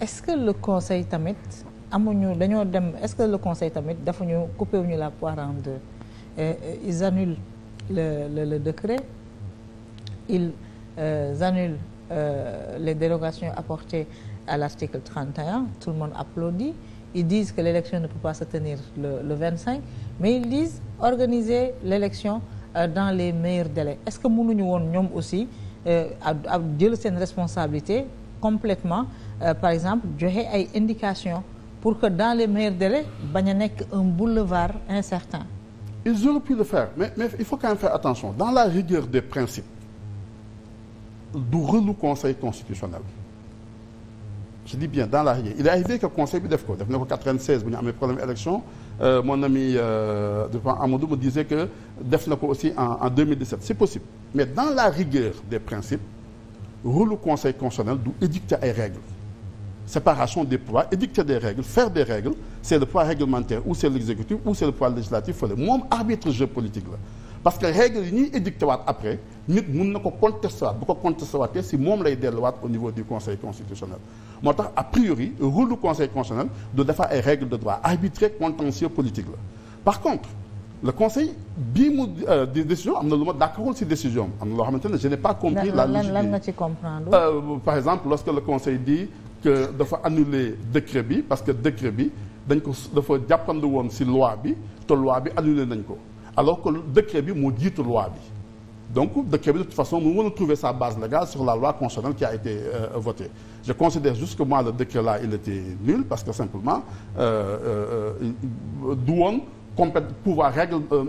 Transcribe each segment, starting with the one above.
est-ce que le conseil tamit amuñu dañoo dem est-ce que le conseil tamit dafa ñu coupé wuñu la poire en deux euh, euh, ils annulent le le, le décret ils euh, annulent euh, les dérogations apportées à l'article 31 tout le monde applaudit ils disent que l'élection ne peut pas se tenir le le 25 mais ils disent organiser l'élection dans les meilleurs délais est-ce que munuñu woon ñoom aussi à jël seen responsabilité complètement euh, par exemple joxe ay indication pour que dans les meilleurs délais bañ a nekk un boulevard incertain. ils auraient pu le faire mais mais il faut quand même faire attention dans la rigueur des principes du relu conseil constitutionnel. je dis bien dans la rigueur il est arrivé que conseil bi def ko def na ko 96 bu ñu amee problème élection euh, mon ami euh, devant Amadou me disait que def na ko aussi en en 2017 c'est possible mais dans la rigueur des principes. rôle conseil constitutionnel du édicter ay règles séparation des pouvoirs édicter des règles faire des règles c'est le pouvoir réglementaire ou c'est l'exécutif ou c'est le pouvoir législatif fële moom arbitre jeu politique la parce que règles yi ñuy édicté après nit mun na ko contesté waat bu ko contesté waatee si moom lay delluwaat au niveau du conseil constitutionnel moo tax a priori rôle du conseil constitutionnel du defar ay règles de droit arbitrer contentieux politique la le conseil bii mu euh, décision am na lu ma d'accordul ci décision am na loo xamante ne je n'ai pas compris la logique lan nga euh, par exemple lorsque le conseil dit que dafa annuler décret bi parce que décret bi dañ ko dafa jàppandu woon si loi bi te loi bi annulé nañ ko alors que décret bi moo jiitu loi bi donc décret bi de toute façon mu mën a trouver sa base légale sur la loi constitutionnelle qui a été voté euh, votée je considère juste que moi le décret là il était parce que simplement du compét pouvoir règle euh,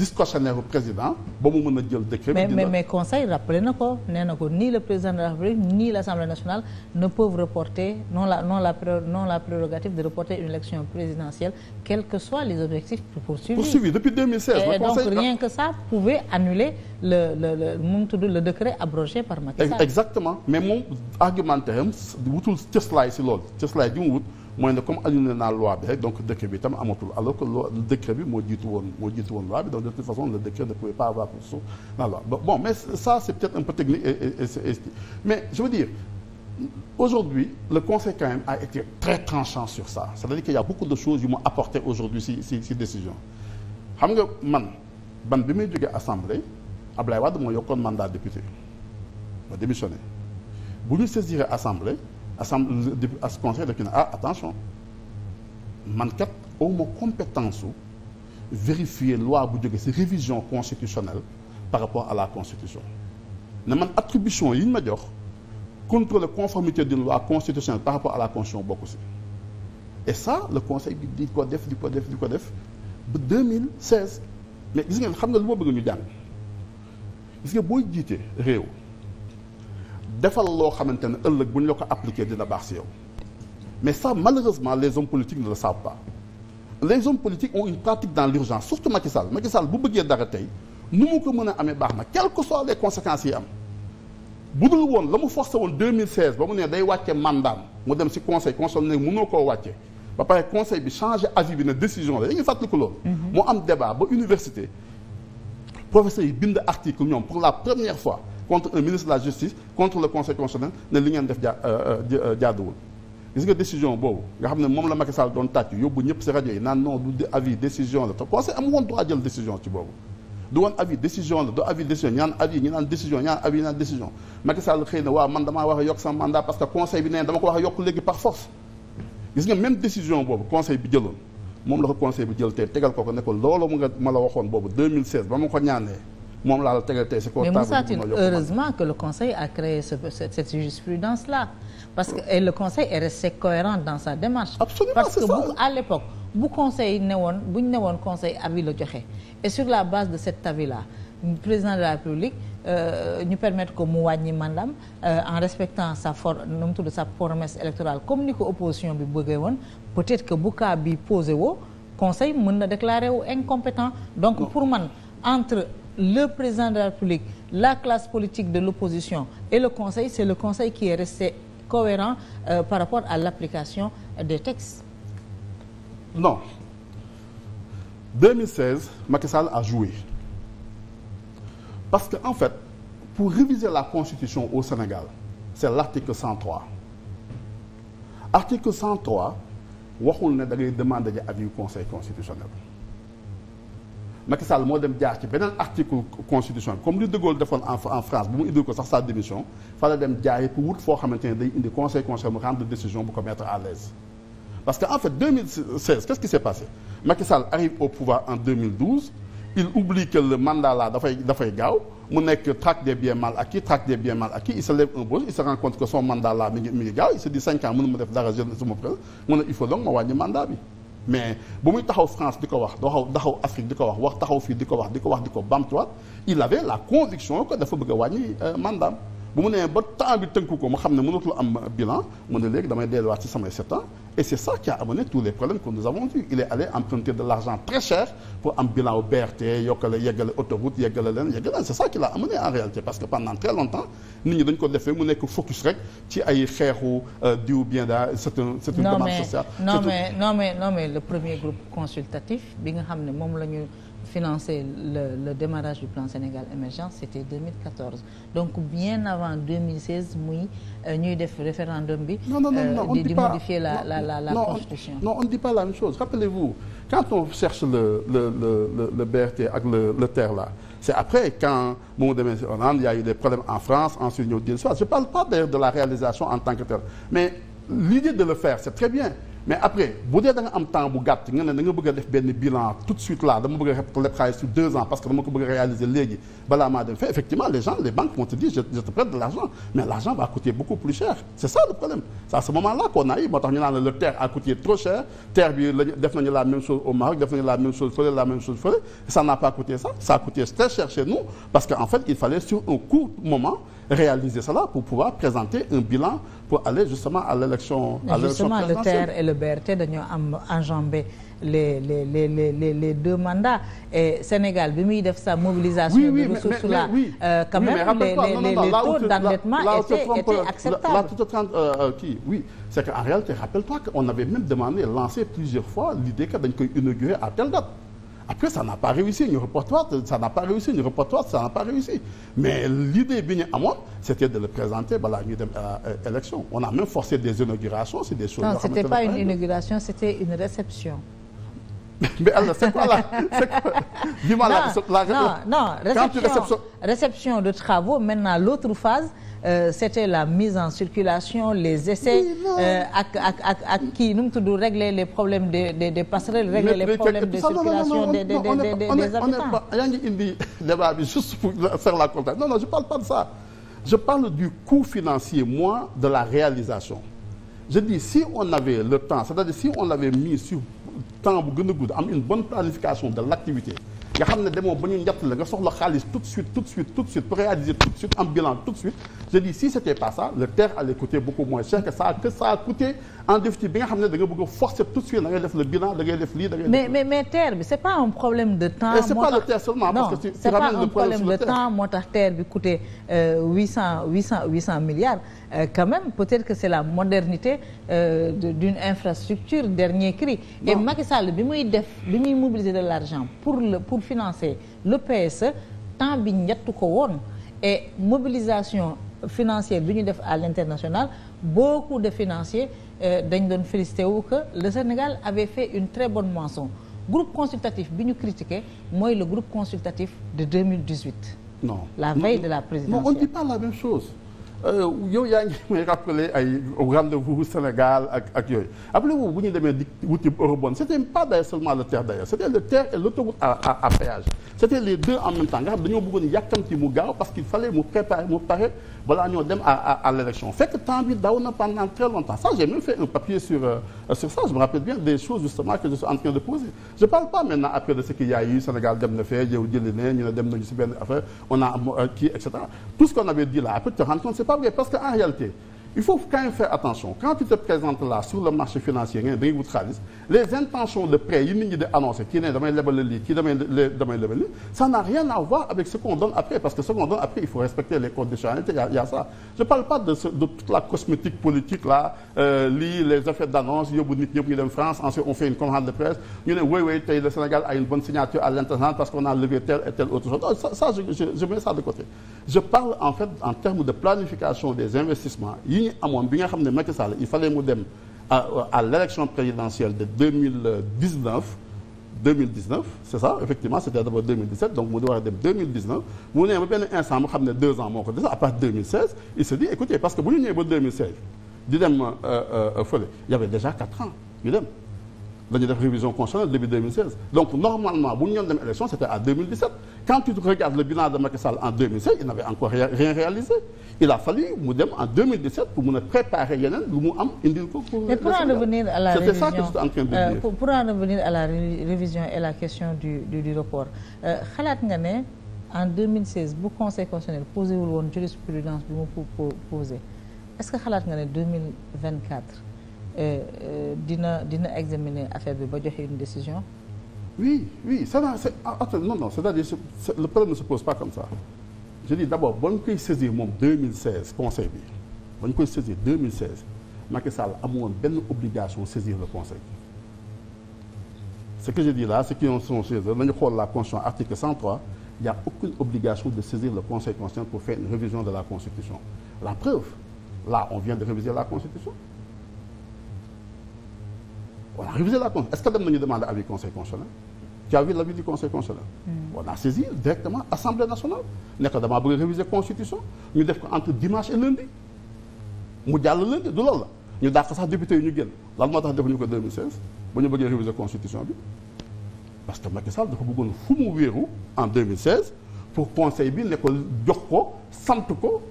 discrétionnaire président ba mu mën a jël décret. mais mais mais conseil rappelé na ko nee na ko ni le président de la République ni l' assemblée nationale ne peuvent reporter non la non la non la prérogative de reporter une élection présidentielle quels que soient les objectifs poursuivis. poursuivis depuis 2016. Et le conseil donc rien que ça pouvait annuler le le mu ngi tudd le décret abrogé par Macky Sall. exactement mais moom argumentaire am wutul cëslaay si loolu cëslaay ji mu wut. mooy ne comme annulé naa loi bi rek donc décret bi itam amatul alors que loi décret bi moo jiitu woon moo jiitu woon loi bi donc de toute façon le décret ne pouvait pas avoir pour sous la loi bon mais ça c'est peut-être un peu technique je veux dire aujourd'hui le conseil quand même a été très tranchant sur ça c'est-à-dire qu'il y a beaucoup de choses yu mu apporté aujourd'hui si si si décision xam nga man ban bi muy jógee assemblée Ablaye Wade moo yokkoon mandat député ma démissionné bu ñu saisir assemblée assemblée di as conseil daf ci ne man kat aw ma compétence su vérifier loi bu jóge si révision constitutionnelle par rapport à la constitution ne man attribution yi ñu ma jox contrôler conformité d'une loi constitutionnelle par rapport à la constitution bokku ci et ça le conseil bi di ko def di ko def di ko def ba 2016 mais gis ngeen xam nga lu ma bëgg ñu jàng gis nga booy jiite réew defal loo xamante ne ëllëg bu ñu la ko appliqué dina baax si yow mais ça malheureusement les hommes politiques ne le savent pas les hommes politiques ont une pratique dans l'urgence surtout Macky Sall bu bëggee dara tey nu mu ko mën a amee baax na quelles que soient les conséquences yi am bu dul woon la mu forcé woon 2016 ba mu ne day wàcce mandaam mu dem si conseil constitutionnel mënoo koo wàcce ba pare conseil bi changé avis bi ne décision la dañuy fàttaliku loolu. moo mhm. am débat ba la première contre un ministre de la justice contre le conseil constitutionnel ne li ngeen def ja euh, euh, euh, jaaduwul. gis nga décision boobu nga xam ne moom la Macky Sall doon tàcc yóbbu ñëpp si rajo naan non du avis décision la te conseil am woon droit jël décision ci boobu. du woon avis décision la du avis décision ñaan avis ñi décision ñaan avis ñi décision Macky xëy na waaw man damaa wax a yokk sama mandat parce que conseil bi nee dama ko wax a yokk léegi par force. gis nga même décision boobu conseil bi jëloon moom la ko te ko ko ne ko loolu mu nga ma la waxoon moom laa la tegal tey si kaw table. mais Moussa heureusement que le conseil a créé ce, cette jurisprudence là parce que le conseil est resté cohérent dans sa démarche. parce que bu à l'époque bu conseil ne woon bu ne woon conseil avis la joxe et sur la base de cet avis là président de la République. Euh, ñu euh, permettre ko mu wàññi mandam euh, en respectant sa for nu mu tudd sa promesse électorale comme ni ko opposition bi bëggee woon peut-être que bu cas bi posé woo conseil mën na pour man entre le président de la République, la classe politique de l'opposition et le Conseil, c'est le Conseil qui est resté cohérent euh, par rapport à l'application des textes. Non. 2016, Macky Sall a joué. Parce que en fait, pour réviser la Constitution au Sénégal, c'est l'article 103. Article 103, waxul ne da ngay demander ji avis Conseil constitutionnel. Macky Sall moo dem jaar ci beneen article constitution comme li de Gaulle de en France bu mu indil ko sax sa démission fa la dem jaaree pour wut foo xamante ne day indi conseil conseil mu rendre décision bu ko mettre à l'aise parce que en fait 2016 qu'est-ce qui s'est il oublie que le mandat là dafay dafay gaaw mu nekk traque des biens mal acquis traque des biens mal acquis il se lève un beau se rend compte son mandat là mi ngi mi ngi gaaw se dit cinq ans mënu ma def dara jeune suma mais bu muy taxaw France di ko wax taxaw taxaw Afrique di ko wax wax taxaw fii di ko wax di ko wax di ko bamtuwaat il avait la conviction que dafa bëgg a wàññi euh, mandaam bu mu nee ba temps bi tënku ko mu xam ne mënatul am bilan mu ne léegi damay delluwaat ci samay sept et c'est ça qui a amené tous les problèmes que nous avons vus il est allé emprunter de l'argent très cher pour am bilan au yokkale yeggale autoroute yeggale leen yeggale c'est ça qui l'a amené en réalité parce que pendant très longtemps nit ñi dañ ko defee mu nekk focus rek ci ay xeexu euh, diw bien daa c'est un c'est une demande mais le premier groupe financer le, le démarrage du plan Sénégal émergent c'était 2014 donc bien avant 2016 muy euh, ñuy def référendum bi. non non non euh, on dit pas modifier la la la la constitution. non on dit pas la même chose rappelez-vous quand on cherche le le le le BRT ak le le TER là. C'est après quand mu demee si Hollande il y a eu des problèmes en France ensuite ñëw dil soit je parle pas d'ailleurs de la réalisation en tant que telle mais l'idée de le faire c'est très bien mais après bu dee da nga am temps nga ne da nga bëgg a def benn bilan tout de suite là dama bëgg a leb xaalis sur deux ans parce que dama ko bëgg a réaliser léegi balaa maa dem fee effectivement les gens les banques je te prête de l'argent mais l'argent va coûter beaucoup plus cher c'est ça le problème c'est à ce moment là qu'on a eu moo tax ñu naan la le terre a coûté trop cher terre bi lañu def nañu la même chose au Maroc def nañu la même chose fële la même chose fële ça n'a pas coûté ça réaliser cela pour pouvoir présenter un bilan pour aller justement à l'élection à l'élection présidentielle justement le TER et le BRT dañoo am enjambé les les les les les deux mandats et Sénégal bi muy def sa mobilisation. oui oui de ressources là euh, quand même les les les taux d'endettement étaient étaient acceptables. la toute trente kii oui c'est que en réalité rappelle-toi qu'on avait même demandé lancé plusieurs fois l'idée que dañ koy inaugurer à telle date. après ça n'a pas réussi ñu reporte waat n'a pas réussi ñu reporte waat n'a pas réussi mais l'idée bi ñu c'était de le présenter balaa ñuy dem euh, élection on a même forcé des inaugurations c'est des choses non c'était pas une inauguration c'était une réception mais alors c'est quoi la c'est de travaux maintenant l'autre phase euh, c'était la mise en circulation les essais euh, ak ak ak ak kii nu mu tudd régler les problèmes des des des passerelles régler les problèmes de circulation des des des habitants yaa indi débat bi juste pour la compta non je parle pas de ça je parle du coût financier moi de la réalisation je dis si on avait le temps c'est-à-dire si on l'avait mis sur temps bu gën a gudd am une bonne planification de l'activité nga xam ne demoo ba ñu njatt la nga soxla xaalis tout de suite tout de suite tout de suite pour réaliser tout de suite am bilan tout de suite je dis si c'était pas ça le terre allait coûter beaucoup moins cher que ça que ça a coûté en déficit bi nga xam ne da nga bëgg a forcer tout de suite da ngay def le bilan da ngay def lii da ngay. mais mais mais terre bi c'est pas un problème de temps. moo tax c'est pas le terre seulement. parce que tu tu ramènes le problème sur le terre non c'est pas un problème de temps moo tax terre bi coûté euh, huit cent huit cent huit cent milliards. Euh, quand même peut-être que c'est la modernité euh, d'une infrastructure dernier cri. et Macky Sall bi muy def bi muy mobiliser de l'argent pour le pour. financer le PSE temps bi ñettu ko woon et mobilisation financière bi ñu def à l'international beaucoup de financiers euh, dañ doon félicité wu que le Sénégal avait fait une très bonne moisson groupe consultatif bi ñu critiqué mooy le groupe consultatif de 2018 non la veille de la présidentielle on ne dit la même chose Euh, yow ya ngi may rappeler ay rendez-vous ak ak yooyu rappelez-vous bu ñu demee di wuti Eurobond c'était pas d'ailleurs seulement le TER d'ailleurs le TER et l'autoroute à à à péage c'était les deux en même temps nga xam dañoo bëggoon yàkkamti mu gaaw parce qu'il fallait mu préparer mu pare balaa ñoo dem à à à l'élection fekk temps bi daw na pendant très longtemps ça j'ai même fait un papier sur euh, sur ça je me rappelle bien je suis en train de poser je parle pas maintenant après de ce qu'il y a eu Sénégal pa na fee yow jëli ne ñu ne dem a euh, kii et cetera tout Pape Gueye parce que en réalité il faut quand même faire attention quand tu te présentes là sur le marché financier les intentions de prêt yi nit ñi ne damay lebal lii kii damay damay lebal lii ça n'a rien à avec ce qu'on donne après parce ce qu'on donne après il faut respecter les conditionnalités il y a, il je parle pas de ce, la cosmétique politique là euh, les effets d'annonce yóbbu nit ñëpp ñu dem France ensuite on fait une conférence presse ñu ne oui oui tey le ñu amoon bi nga xam ne Macky Sall il fallait mu dem à à l' de c'est ça effectivement c'était d'abord 2017 donc mu a dem 2019 mu ne ba benn instant mu xam ne deux il se dit écoutez parce que bu ñu ñëwee ba 2016 di dem euh, euh, fële y avait déjà quatre ans dañuy def révision constitutionnelle début donc normalement bu ñu dem élection c' à 2017 quand tu le bilan de Macky en il n' avait encore il a fallu mu en pour mun a préparer yeneen lu am indil ko. Euh, pour en revenir à la révision c' que je suis en la révision du report euh, xalaat nga ne en 2016 bu conseil constitutionnel posé wul woon jurisprudence bi mu posé est ce que xalaat nga Euh, euh, dina dina examiner affaire bi ba joxe une décision. oui oui ça va c'est ah, attends non non c'est-à-dire le problème ne se pose pas comme ça je dis d'abord ba ñu koy saisir moom 2016 conseil bi ba ñu koy saisir 2016 Macky Sall amul woon benn obligation saisir le conseil. ce que je dis là ceux qui sont chez eux nañu xool la constitution article 103 il y a aucune obligation de saisir le conseil constitutionnel pour faire une de la constitution la preuve là on vient de réviser la constitution. on a révisé la con est-ce que dem nañu demander avis conseil constitutionnel tu as vu l'avis du conseil constitutionnel. Hmm. on a saisi directement assemblée nationale ne ko damaa bëgg a réviser constitution ñu def ko entre dimanche et lundi mu jàll lundi du loolu la ñu dàq sax député yi ñu génn lan moo tax defuñu ko 2016 ba ñu bëggee réviser constitution bi parce que Macky Sall dafa bëggoon fu mu wéeru en 2016 pour conseil bi ne ko jox ko sant ko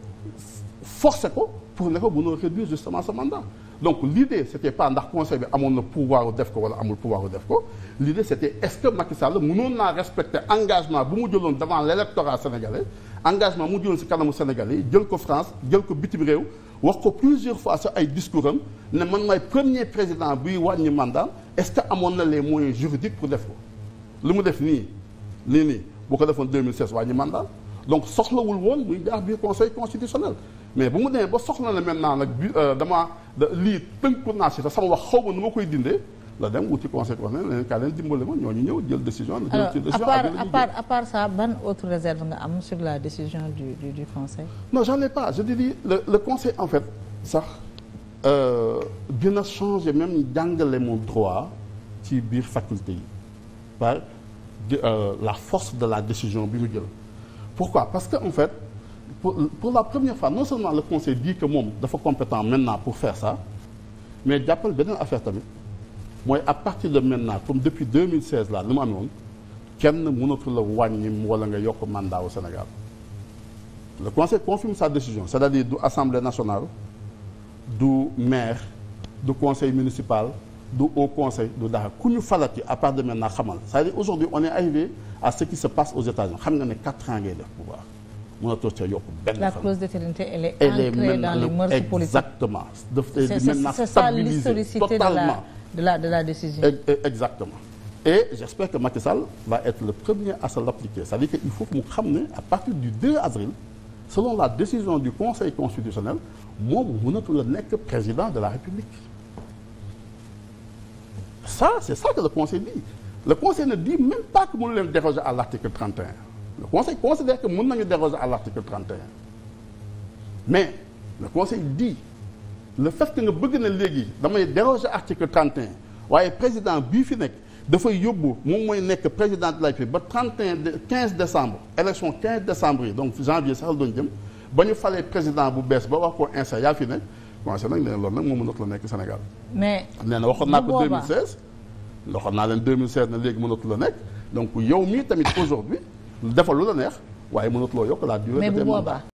forcer ko pour ne ko mënoo réduire justement sa mandat. donc l'idée c'était pas ndax conseil bi amoon na pouvoir def ko wala amul pouvoir def ko l'idée c'était est-ce que Macky Sall mënoon naa respecter engagement bi mu jëloon devant l'électorat sénégalais engagement mu jëloon si kanamu sénégal yi jël ko France jël ko bitim réew wax ko plusieurs fois sa ay discours am ne man maay premier président bi wàññi mandat est-ce que amoon na les moyens juridiques pour def ko li mu def nii lii boo ko defoon 2016 wàññi mandat donc soxlawul woon muy jaar biir conseil constitutionnel mais bu mu demee ba soxla na maintenant nag bi euh, dama lii tënku naa si te sama wax xaw ma nu ma koy dindee la dem wuti conséquence ne leen kaa leen dimbale ma ñooñu ñëw jël décision. alors à part à part à part ça ban autre réserve nga am sur la décision du du du conseil. non j'en ai pas je te dis le le conseil en fait sax euh, dina changer même jàngale mon droit ci biir faculté yi par euh, la force de la décision bi mu jël pourquoi parce que en fait. pour pour la première fois non seulement le conseil dit que moom dafa compétent maintenant pour faire sa mais jàppal benn affaire tamit mooy à partir de maintenant comme depuis 2016 là li mu amee woon kenn mënatu la wàññi wala nga yokk mandat au Sénégal le conseil confirme sa décision c'est-à-dire du assemblée nationale du maire du conseil municipal du haut conseil du dara ku ñu falati à part de maintenant xamal c'est-à-dire aujourd'hui on est arrivé à ce qui se passe aux nga ne quatre ans ngay def pouvoir mënatoo ca yokk benn fan. la clause d'éternité elle est ancrée exactement. totalement e- et j'espère que Macky va être le premier à se l'appliquer cest que il faut que mu xam ne à partir du 2 avril selon la décision du Conseil constitutionnel moom mënatul a nekk président de la République. ça c'est ça que le Conseil dit le Conseil ne dit même pas que mënu leen à l'article le conseil considère que mën nañu déroger à l'article 31 mais le conseil dit le fait que nga bëgg na léegi damay déroger article 31 waaye président bii fi nekk dafay yóbbu moom mooy nekk président de la République ba 31 de quinze décembre élection 15 décembre yi donc janvier sax la doon jëm ba ñu falee président bu bees ba wax ko insta yaa fi nekk commencé nag nee na loolu nag moom mënatu la nekk Sénégal. mais nee na waxoon naa ko 2016. naa leen 2016 na léegi mënatu la nekk donc yow mii tamit aujourd'hui defal lu la neex waaye mënatuloo yokk la durée de mandat